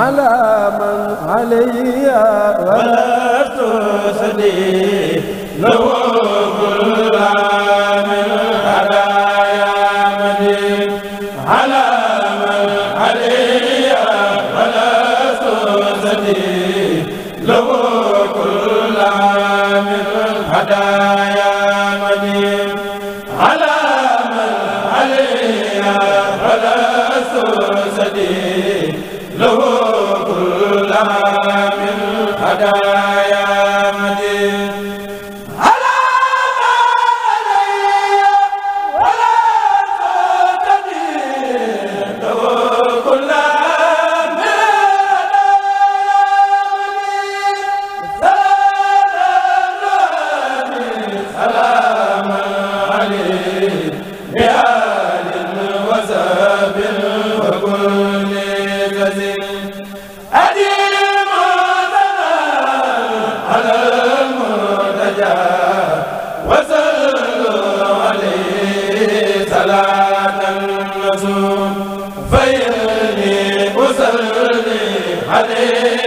على من علي ولا تسدي لو Ada abada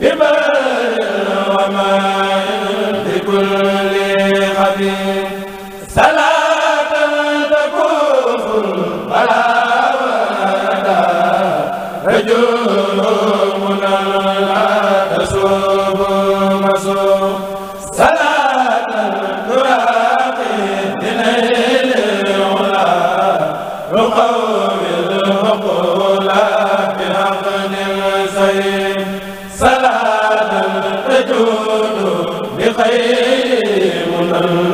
Bimba خير من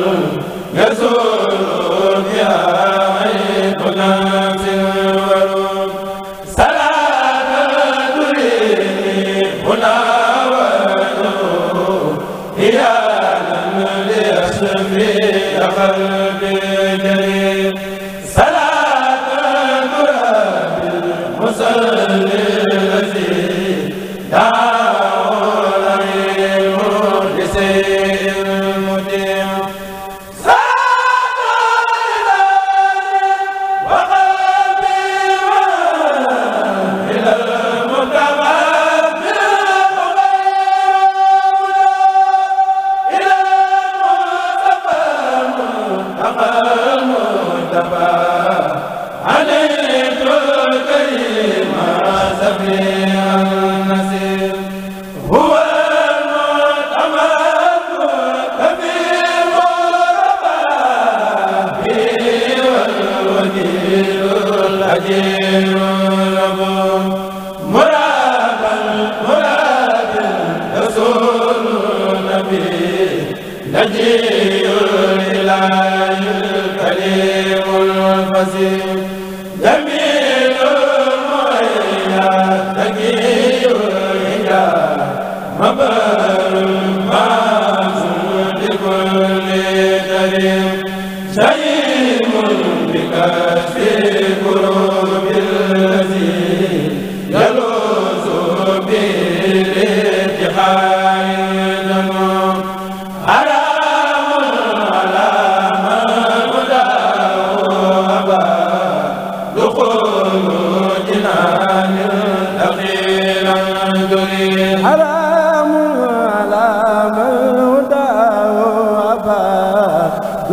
لجيء الإله الكريم الفزيع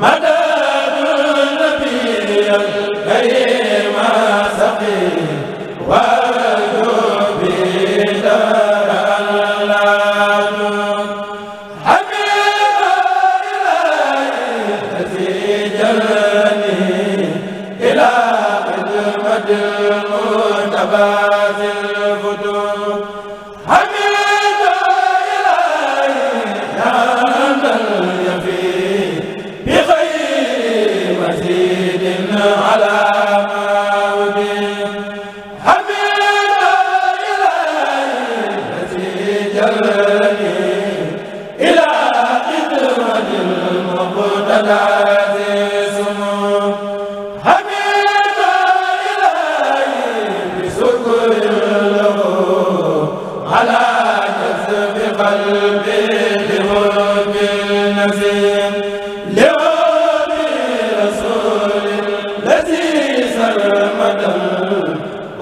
ma jalla